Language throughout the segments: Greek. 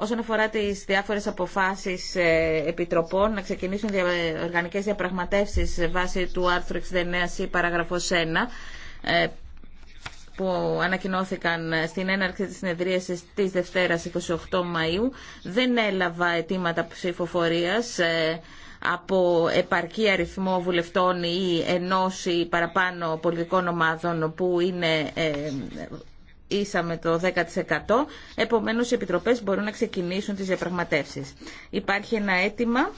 Όσον αφορά τις διάφορες αποφάσεις ε, επιτροπών να ξεκινήσουν οργανικές διαπραγματεύσεις βάση του άρθρου 69C παραγραφός 1 που ανακοινώθηκαν στην έναρξη της συνεδρίασης της Δευτέρας 28 Μαΐου δεν έλαβα αιτήματα ψηφοφορίας ε, από επαρκή αριθμό βουλευτών ή ενός ή παραπάνω πολιτικών ομάδων που είναι ε, με το 10%, επομένως οι επιτροπές μπορούν να ξεκινήσουν τις διαπραγματεύσεις. Υπάρχει ένα αίτημα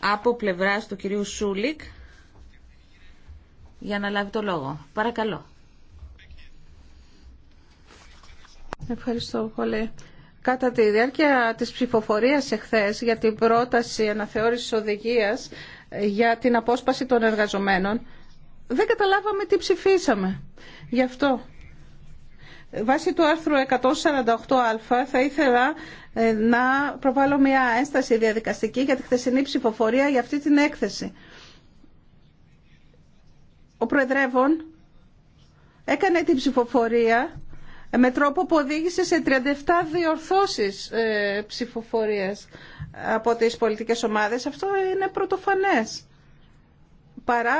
από πλευράς του κυρίου Σούλικ για να λάβει το λόγο. Παρακαλώ. Ευχαριστώ πολύ. Κατά τη διάρκεια της ψηφοφορίας εχθές για την πρόταση αναθεώρησης οδηγίας για την απόσπαση των εργαζομένων, δεν καταλάβαμε τι ψηφίσαμε. Γι' αυτό, βάσει του άρθρου 148α, θα ήθελα ε, να προβάλλω μια ένσταση διαδικαστική για τη χθεσινή ψηφοφορία για αυτή την έκθεση. Ο Προεδρεύων έκανε την ψηφοφορία ε, με τρόπο που οδήγησε σε 37 διορθώσεις ε, ψηφοφορίας από τις πολιτικές ομάδες. Αυτό είναι πρωτοφανές παρά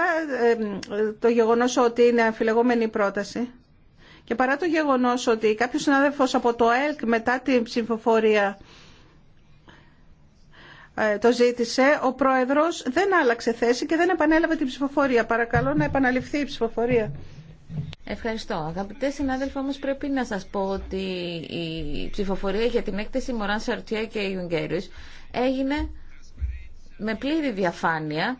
το γεγονός ότι είναι αμφιλεγόμενη η πρόταση και παρά το γεγονός ότι κάποιος συνάδελφος από το ΕΛΚ μετά την ψηφοφορία ε, το ζήτησε, ο Πρόεδρος δεν άλλαξε θέση και δεν επανέλαβε την ψηφοφορία. Παρακαλώ να επαναληφθεί η ψηφοφορία. Ευχαριστώ. Αγαπητέ συνάδελφοι, όμω πρέπει να σα πω ότι η ψηφοφορία για την έκθεση Μωράν Σαρτιέ και Ιουγγέρου έγινε με πλήρη διαφάνεια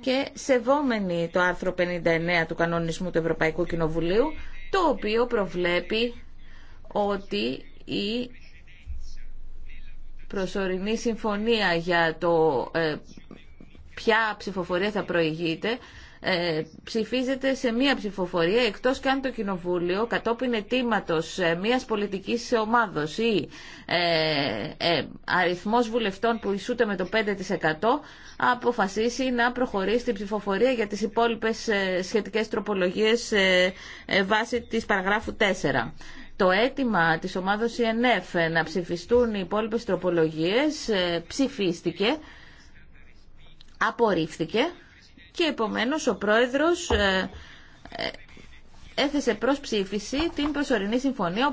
και σεβόμενη το άρθρο 59 του κανονισμού του Ευρωπαϊκού Κοινοβουλίου, το οποίο προβλέπει ότι η προσωρινή συμφωνία για το ε, ποια ψηφοφορία θα προηγείται ε, ψηφίζεται σε μία ψηφοφορία εκτός και αν το Κοινοβούλιο κατόπιν ετήματος ε, μίας πολιτικής ομάδος ή ε, ε, αριθμός βουλευτών που ισούται με το 5% αποφασίσει να προχωρήσει την ψηφοφορία για τις υπόλοιπες ε, σχετικές τροπολογίες βάσει της παραγράφου 4. Το αίτημα της ομάδος ΙΕΝΕΦ να ψηφιστούν οι υπόλοιπες τροπολογίες ψηφίστηκε, απορρίφθηκε και επομένως ο πρόεδρος ε, ε, έθεσε προς ψήφιση την προσωρινή συμφωνία